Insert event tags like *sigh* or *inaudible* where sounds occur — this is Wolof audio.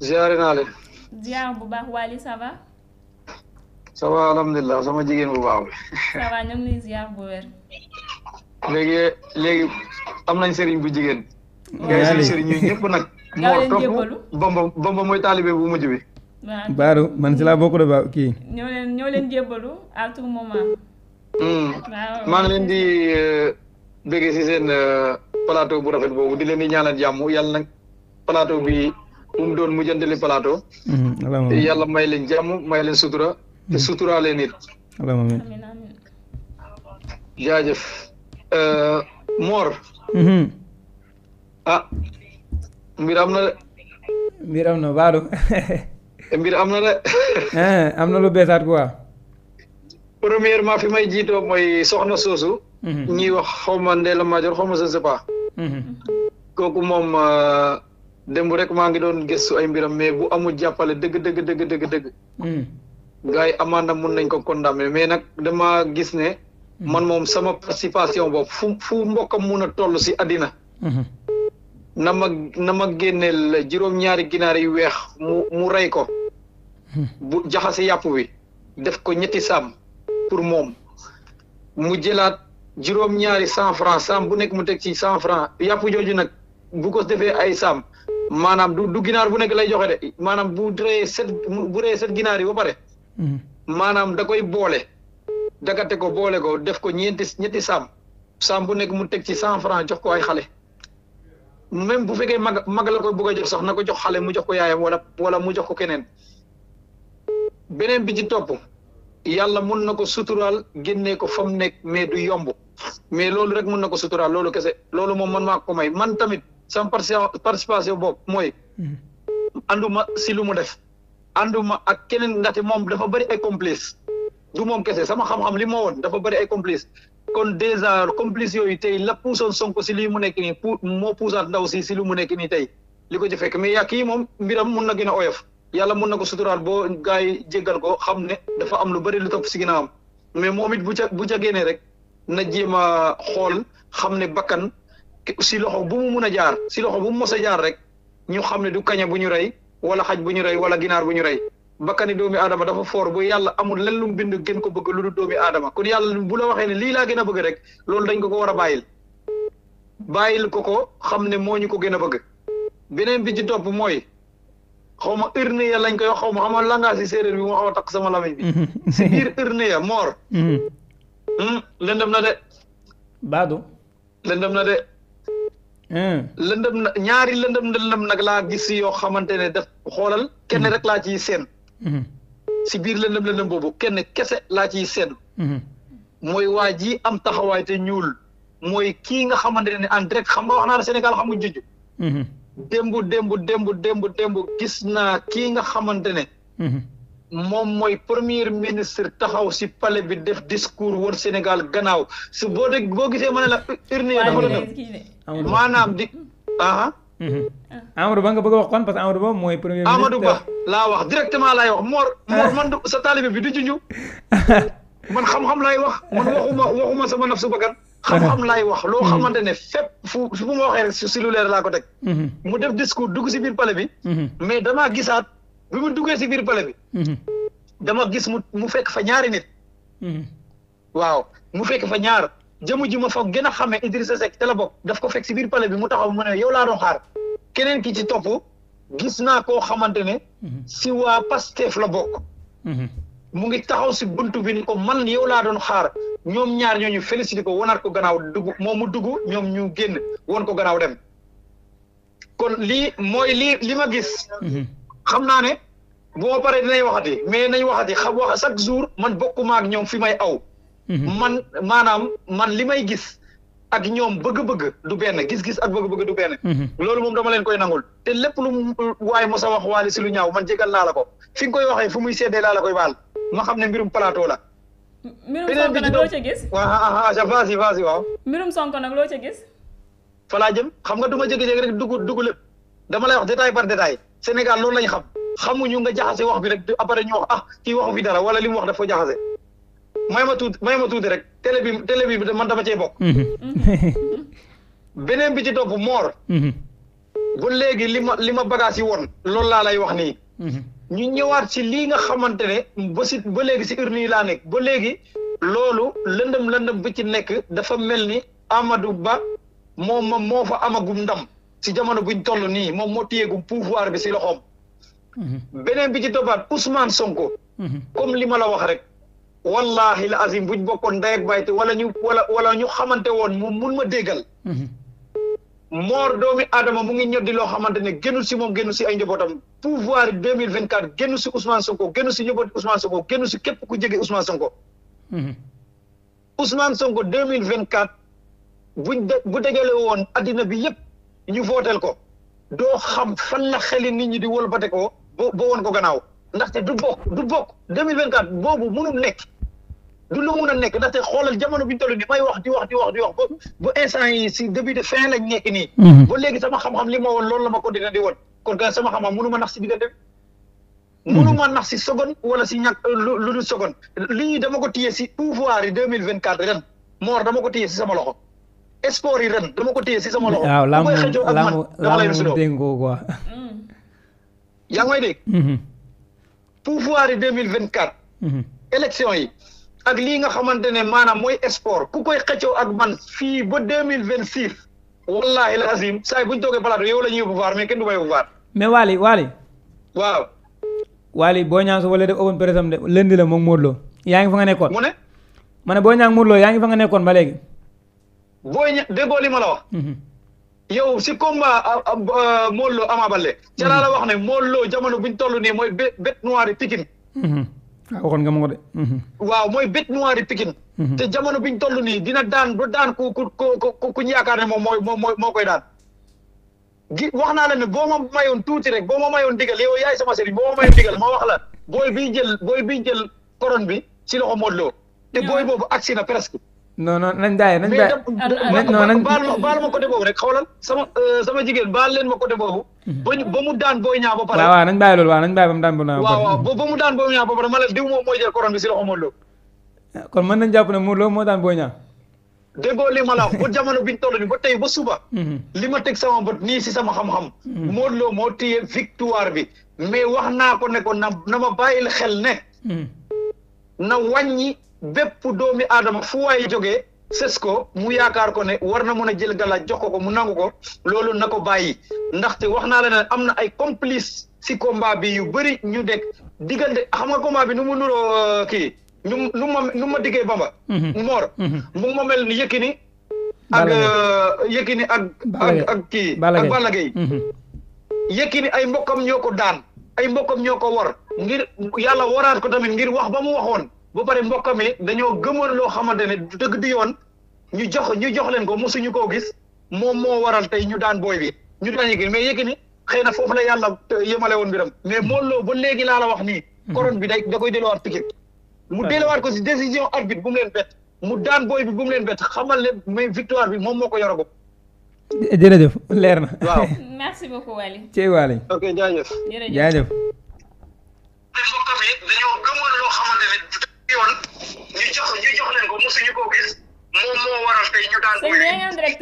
ziare naa bu baax Waly ça va. alhamdulilah sama jigéen bu baax bi. ça ñoom lay ziar bu wér. léegi léegi am nañ sëriñ bu jigéen. waaw sëriñ sëriñ ñun ñëpp nag. moo topp bamba bamba mooy taalibe bu mujj bi. baaru man si laa bokk de ba kii. ñoo leen hmm. maa ngi leen di euh, bëgg si seen euh, plateau bu rafet boobu di leen di ñaanal jàmm yàlla nag plateau bi. mu mu doon mujjantali plateau. Mm-hmm. yàlla may leen jàmm may leen sutura. te mm-hmm. suturaa leen it. jaajëf. Euh, mm-hmm. ah. mbir am na de. mbir am na baadu. *laughs* mbir am na de. *laughs* Eh, am na lu beesaat quoi. premièrement fi may jiitoo moy soxna soosu. ñuy wax xaw ma Ndella Madior xaw pas. kooku moom. Euh, démb rek maa ngi doon gëstu ay mbiram mais bu amul jàppale dëgg dëgg dëgg dëgg hmm. amaana mun nañ ko condamné mais nag dama gis ne. Hmm. man moom sama participation boobu fu fu mun a toll si addina hmm. na ma ma génneel juróom-ñaari ginaar yu weex mu mu rey ko. bu jaxase yàpp wi def ko ñetti saam pour moom mu jëlaat juróom-ñaari cent franc saam bu nekk mu teg ci cent franc yàpp jooju nag bu ko defee ay saam. maanaam du du ginaar bu nekk lay joxe de maanaam bu reyee set bu reyee set ginaar yi ba pare. Hmm. maanaam da koy boole. dagate ko boole ko def ko ñeenti ñetti saam saam bu nekk mu teg ci cent franc jox ko ay xale. même bu fekkee mag mag la ko bëgg a jox sax na ko jox xale mu jox ko yaayam wala wala mu jox ko keneen beneen bi ci topp yàlla mun na ko suturaal génnee ko fa mu nekk mais du yomb mais loolu rek mun na ko suturaal loolu kese loolu moom man maa ko may man tamit sama participation boob mooy ànduma si lu mu def ànduma ak keneen ndaxte moom dafa bëri ay complice du moom kese sama xam-xam li moo woon dafa bëri ay complice kon dèjà complice yooyu tey la puusoon Sonko si lii mu nekk i pour moo puusaat ndaw si si lu mu nekk nii tey li ko ci fekk mais yaa kii moom mbiram mun na gën a oyof yàlla mun na ko suturaal boo gars yi jéggal ko xam ne dafa am lu bari lu topp si ginnaawam mais moom it bu ca bu ca génnee rek na jéem a xool xam ne bakkan si loxo bu mu mun a jaar si loxo bu mu mos a jaar rek ñu xam ne du kaña bu ñu rey wala xaj bu ñu rey wala ginaar bu ñu rey bakkani doomi adama dafa foor bu yàlla amul len lu mu bind gën ko bëgg lu du doomi aadama kon yàlla bu la waxee ne lii laa gën a bëgg rek loolu dañ ko ko war a bàyyil bàyyil ko ko xam ne moo ñu ko gën a bëgg beneen bi ci topp mooy xaw ma urne ya lañ koy wax xaw ma xama langaa si séeréer bi mu xaw a takk sama lamiñ bi mm-hmm. *laughs* si biir urne ya moor mm-hmm. hmm, lëndëm na de baadu lëndëm na Hmm. lëndëm na ñaari lëndëm lëndëm nag laa gis yoo xamante ne def xoolal kenn hmm. rek laa ciy seen hmm. si biir lëndëm lëndëm boobu kenn kese laa ciy seen mooy waa ji am taxawaay te ñuul mooy kii nga xamante ne en xam nga wax naa Sénégal xamuñ juju démb démb démb démb démb gis naa kii nga xamante ne moom mooy premier ministre taxaw si palais bi def discours woon Sénégal gannaaw su boo dégg boo gisee ma ne la urne dafa la dem maanaam di aha mhm. Amadou Ba nga bëgg wax kon parce que Amadou Ba mooy premier ministre Amadou Ba laa wax directement laay wax Mor Mor man sa taalibe bi du junju *laughs* man xam-xam laay wax man waxuma waxuma sama naf su bakkan xam-xam laay wax loo mhm. xamante ne fépp fu fu ma waxee rek si lu laa ko deg mhm. mu def discours dugg si biir pale bi mais damaa gisaat bi mu duggee si biir pale bi. Mhm. dama gis mu mu fekk fa ñaari nit. Mhm. waaw mu fekk fa ñaar jëmu jim ma foog gën a xamee Idrissa Seck te la bokk daf ko fekk si biir pale bi mu taxaw mu ne yow laa doon xaar keneen ki ci topp gis naa koo xamante ne. Mhm. si waa Pastef la bokk. mu ngi taxaw si buntu bi ko man yow laa doon xaar ñoom ñaar ñu félicité ko wanaat ko gannaaw dugg moom mu dugg ñoom ñu génn won ko ganaaw dem kon lii mooy lii li ma gis. xam naa ne boo paree dinañ waxati mais nañ waxati xam wax chaque jour man bokkuma ak ñoom fi may aw. Mhm. man maanaam man li may gis ak ñoom bëgg-bëgg du benn gis-gis ak bëgg-bëgg du benn. Mhm. loolu moom dama leen koy nangul te lépp lu mu waaye mos a wax waale si lu ñaaw man jégal naa la ko fi nga koy waxee fu muy seddee laa koy baal ma xam ne mbirum plateau la. mbirum Sonko nag loo ca gis. waaw ah, ah, ah, ah vas-y vas-y waaw. mbirum Sonko nag loo ca gis. falaa jëm xam nga du ma jékki-jékki rek dugg dugg lépp dama lay wax détail par détail. Sénégal loolu lañ xam xamuñu nga jaxase wax bi rek après ñu wax ah kii waxu bi dara wala li mu wax dafa jaxase may ma tuuti may ma tuuti rek télé bi télé bi man dafa cee bokk. Mhm. *laughs* beneen bi ci topp moor. Mhm. ba léegi li ma li ma bagage yi woon loolu laa lay wax nii. Mhm. ñu ñëwaat si lii nga xamante ne ba si ba léegi si urne yi laa nekk ba léegi loolu lëndëm lëndëm bi ci nekk dafa mel ni Amadou Ba moom moo fa amagum ndam. si jamono buñ toll nii moom moo téyeegum pouvoir bi si loxoom. beneen bi ci toppaat Ousmane Sonko. comme li ma la wax rek. wallahi la azim buñ bokkoon ndey ak baay te wala ñu wala wala ñu xamante woon mun ma déggal. moor doomi Adama mu ngi ñoddi loo xamante ne génnu si moom génnu si ay njabootam pouvoir deux mille vingt quatre génnu si Ousmane Sonko génnu si njabooti Ousmane Sonko génnu si képp ku jege Ousmane Sonko. Ousmane Sonko deux mille vingt quatre buñ de bu dajale woon addina bi yëpp. ñu vooteel ko doo xam fan la xeli nit ñi di wëlbate ko boo boo woon ko gannaaw ndaxte du bokk du bokk 2024 boobu mënul nekk du lu mun a nekk ndaxte xoolal jamono bi ñu toll may wax di wax di wax di wax ba ba instant yi si début de fin lañ nekk nii. Mhm. ba léegi sama xam-xam li ma woon loolu la ma ko dina di woon kon ka sama xam-xam mënu ma nax si diggante bi. Mhm. mënu ma nax si seconde wala si ñàkk euh, lu lu dul seconde lii dama ko téye si mille yi 2024 ren Mor dama ko téye si sama loxo. sport yi ren dama ko téye si sama loxo. waaw laamu laamu laamu dénkoo quoi. yaa ngi may dégg. Mm-hmm. pouvoir yi deux mille vingt quatre. Mm-hmm. élection yi ak lii nga xamante ne maanaam mooy sport ku koy xëccoo ak man fii ba deux mille vingt six. wallaahi lazim saa yi bu ñu toogee palaatu yow la ñuy pouvoir mais kenn du may pouvoir. mais Waly Waly. waaw. Waly Boy Niang su wala def open press am de lundi la moom Modou Lo. yaa ngi fa nga nekkoon mu ne. ma ne Boy Niang Modou yaa ngi fa nga nekkoon ba léegi. booy ña déggoo li ma la wax. Mhm. yow si combat ah, ah, euh, Modou Lo Ama Baldé. Mhm. ca laa wax ne Modou Lo jamono buñ toll nii mooy bé bête noire yi Pikine. Mhm. ah waxoon waaw mooy bête noire yi Pikine. te jamono biñ toll nii dina daan ba daan ku ku ku ñu yaakaar ne moom mooy moy moo koy daan. gi wax naa la ne boo ma mayoon tuuti rek boo ma mayoon digal yow yaay sama sëriñ boo ma mayoon digal ma wax la booy biy jël booy biy jël couronne bi si loxo Modou Lo. te booy boobu agsi na presque. non non nañ bàyyi nañ bàyyi non nañ ah, euh, baal ma baal ma côté boobu rek xoolal sama euh, sama jigéen baal leen ma côté boobu. Mhm. ba mu daan booy ñaa ba pare. waaw loolu waaw nañ bàyyi ba mu daan booy ñaa ba pare. waaw waaw ba mu daan booy ñaa ba pare ma ne diw moom mooy jël couronne bi si loxo Modou kon man nañ jàpp na Modou Lo moo daan booy ñaa. déggoo li ma la ba jamono biñ toll nii ba tey ba suba. Mhm. li ma teg sama bët nii si sama xam-xam. Mhm. Modou Lo moo téye victoire bi mais wax naa ko ne ko na na ma bàyyil xel ne. na wàññi bépp doomi aadama fu waay joge sës ko mu yaakaar ko ne war na mën a jël galaaj jox ko ko mu nangu ko loolu na ko bàyyi ndaxte wax naa la ne am na ay complice si combat bi yu bari ñu nekk diggante xam nga bi nu mu nuroo euh, kii nu nu ma nu ma diggee bamba moor mhm. mhm. mu ma mel ni Yékini ak euh, Yékini ak ak ak kii ak Balla Gaye mhm. Yékini ay mbokkam ñoo ko daan ay mbokkam ñoo ko wor ngir yàlla waraat ko tamit ngir wax ba mu waxoon ba pare mbokkam mi dañoo gëmoon loo xamante ne du dëgg du yoon ñu jox ñu jox leen ko suñu koo gis moom moo waral tey ñu daan booy bi ñu daan Yékini mais Yékini xëy na foofu la yàlla yemale woon mbiram mais Modou loo ba léegi laa la wax nii mhm. couronne bi day da koy delluwaat piquet mu delluwaat ko si décision arbitre bu mu leen bett mu daan booy bi bu mu leen bett xamal leen mais victoire bi moom moo ko yoragum jërëjëf leer na. waaw *laughs* merci beaucoup Waly. Cey Waly. ok jaajëf. jërëjëf jaajëf. te mbokk mi dañoo gëmoon loo yoon ñu jox ñu jox leen ko mosuñu koo gis moom moo waral tey ñu daan.